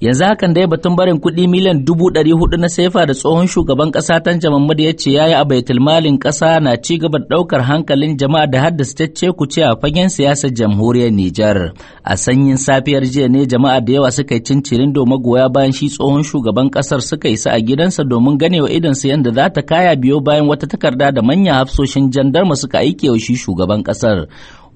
yanzu hakan dai batun barin kuɗi miliyan dubu ɗari hudu na sefa da tsohon shugaban ƙasa tan mamadu ya ce ya yi a baitulmalin ƙasa na ci gaba da ɗaukar hankalin jama'a da haddasa tacce ku ce a fagen siyasar jamhuriyar Nijar. A sanyin safiyar jiya ne jama'a da yawa suka yi cincirin doma goya bayan shi tsohon shugaban ƙasar suka isa a gidansa domin ganewa idonsu yadda za ta kaya biyo bayan wata takarda da manyan hafsoshin jandarma suka aike wa shi shugaban ƙasar.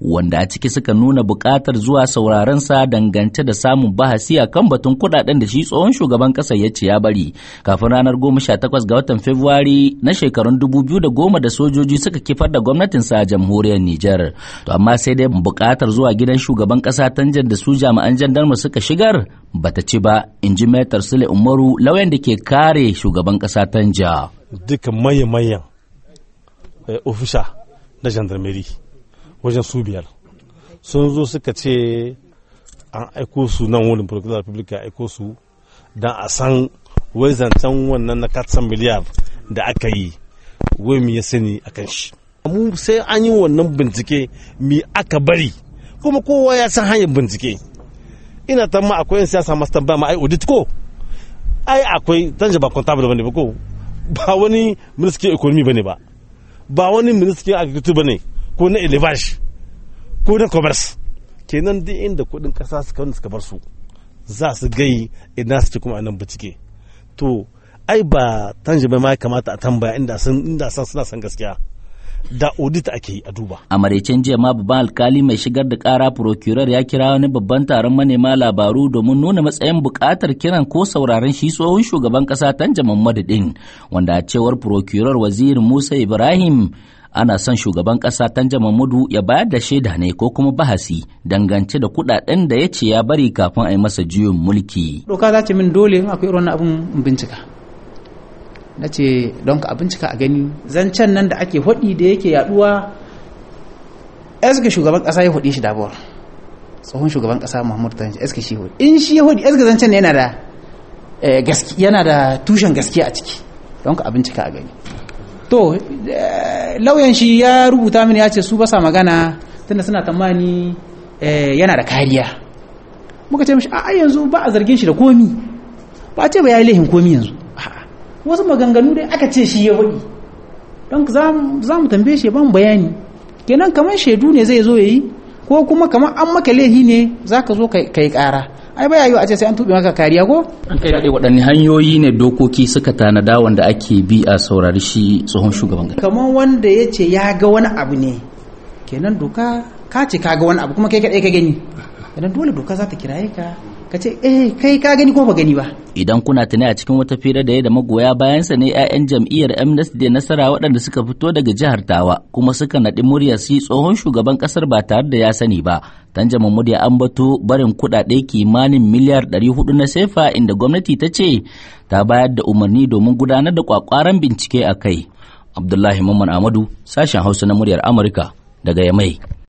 wanda a ciki suka nuna buƙatar zuwa sauraron sa dangance da samun bahasi a kan batun kuɗaɗen da shi tsohon shugaban ƙasar ya ce ya bari kafin ranar 18 ga watan Fabrairu na shekarun 2010 da sojoji suka kifar da gwamnatin sa a jamhuriyar Nijar. To amma sai dai buƙatar zuwa gidan shugaban ƙasa tanjan da su jami'an jandarma suka shigar bata ci ba in ji Maitar Sule Umaru lauyan da ke kare shugaban ƙasa tanja. Duka maye-mayen eh, ofisha na jandarmeri wajen su biyar sun zo suka ce an aiko su nan wurin procurator public ya aiko su don a san wai zancen wannan na katsan miliyar da aka yi wai mu ya sani a kan shi mu sai an yi wannan bincike mi aka bari kuma kowa ya san hanyar bincike ina ta ma akwai siyasa masu tambaya ma ai audit ko ai akwai tanje ba contable bane ba ko ba wani ekonomi economy bane ba ba wani ministry agriculture bane ko na elevage ko na commerce kenan duk inda kudin kasa suka wani suka bar su za su gai ina su ci kuma anan bincike to ai ba tanjibai ma kamata a tambaya inda sun inda san suna san gaskiya da audit ake yi a duba. A maraicen jiya ma babban alkali mai shigar da kara procurer ya kira wani babban taron manema labaru domin nuna matsayin bukatar kiran ko sauraron shi tsohon shugaban kasa Tanja madadin wanda a cewar procurer waziri Musa Ibrahim ana son shugaban ƙasa Tanja Mahmudu ya bayar da shaida ne ko kuma bahasi dangance da kuɗaɗen da ya ce ya bari kafin a yi masa juyin mulki. Doka za ce min dole in akwai irin abin bincika. Na ce don ka a bincika a gani zancen nan da ake hudi da yake yaduwa eske shugaban ƙasa ya hudi shi dabuwar. Tsohon shugaban ƙasa Muhammadu Tanja eske shi hudi. In shi ya hudi eske zancen yana da eh, yana da tushen gaskiya a ciki don ka a bincika a gani. to eh, lauyan shi ya rubuta mini ya ce su basa magana tunda suna tamani eh, yana da kariya muka ce mashi a yanzu ba a zargin shi da komi ba a ce ba ya yi laihin komi yanzu wasu maganganu dai aka ce shi ya faɗi don za mu tambaye shi ban bayani kenan kamar shaidu ne zai zo ya yi ko kuma kamar an maka laihi ne za ka zo ka yi kara. ai baya yiwu a ce sai an tube maka kariya ko an kai daɗe waɗanne hanyoyi ne dokoki suka tanada wanda ake bi a saurari shi tsohon shugaban gari kamar wanda ya ce ya ga wani abu ne kenan doka ka ce ka ga wani abu kuma kai kaɗai ka gani idan dole doka za ta kiraye ka ka ce eh kai ka gani ko ba gani ba idan kuna tuni a cikin wata fira da ya da magoya bayansa ne 'ya'yan jam'iyyar amnesty da nasara waɗanda suka fito daga jihar tawa kuma suka naɗi murya su tsohon shugaban ƙasar ba tare da ya sani ba tanjamin murya an bato barin kuɗaɗe kimanin miliyar 400 na sefa inda gwamnati ta ce ta bayar da umarni domin gudanar da kwakwaran bincike a kai abdullahi mamman amadu sashen hausa na muryar amurka daga yamai